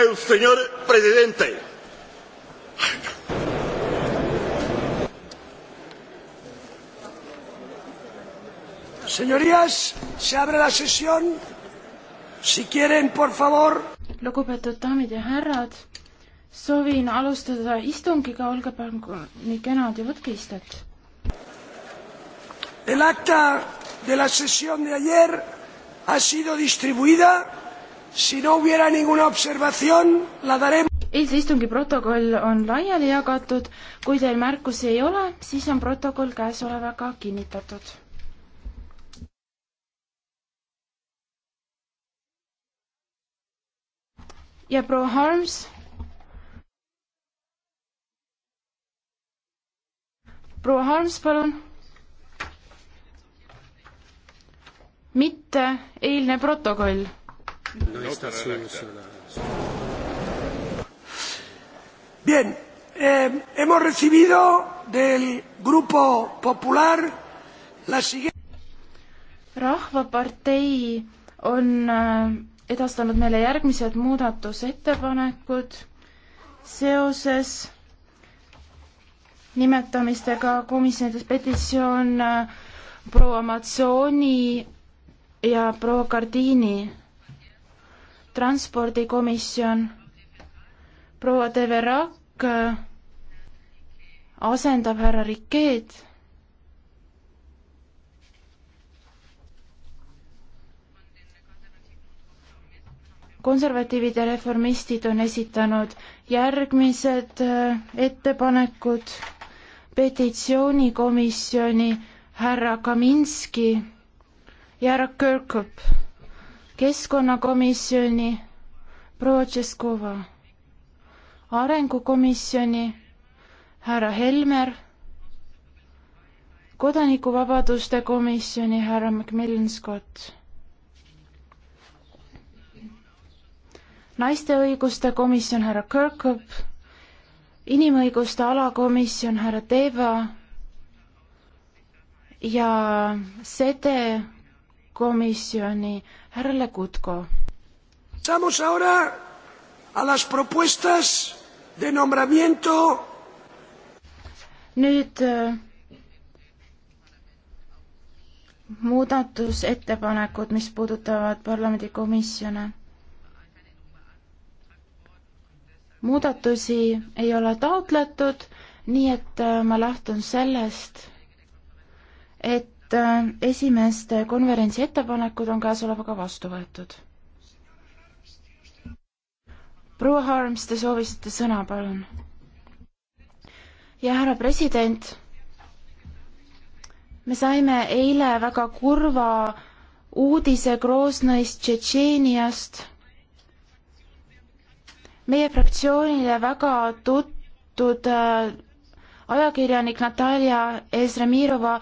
El señor presidente. Señorías, se abre la sesión. Si quieren, por favor. lugupeetud daamid ja härrad, soovin alustada istungiga, olge palun nii kenad ja võtke istet. El acta de la sesión de ayer ha sido distribuida Si no hubiera ninguna observación, la daremos. eilse istungi protokoll on laiali jagatud, kui teil märkusi ei ole, siis on protokoll käesolevaga kinnitatud. ja proua Harms. proua Harms, palun. mitte eilne protokoll Bien, eh, hemos recibido del Grupo Popular la siguiente. rahvapartei on eh, edastanud meile järgmised muudatusettepanekud seoses nimetamistega komisjonides petitsioon eh, proua Matsooni ja proua Gardiini transpordikomisjon, proua Deverak äh, asendab härra Rikeed. konservatiivid ja reformistid on esitanud järgmised äh, ettepanekud petitsioonikomisjoni härra Kaminski ja härra Kirkup keskkonnakomisjoni proua Tšeskova, arengukomisjoni härra Helmer, kodanikuvabaduste komisjoni härra Macmillan Scott, naiste õiguste komisjon härra Kirkup, inimõiguste alakomisjon härra Deva ja sede komisjoni härrale Kutko. Pasamos ahora a las propuestas de nombramiento. nüüd äh, muudatusettepanekud, mis puudutavad parlamendikomisjone. muudatusi ei ole taotletud, nii et äh, ma lähtun sellest, et Äh, esimeste konverentsi ettepanekud on käesolevaga vastu võetud. proua Harms, te soovisite sõna, palun. ja härra president, me saime eile väga kurva uudise Groznõist Tšetšeeniast. meie fraktsioonile väga tuttud äh, ajakirjanik Natalja Ezremirova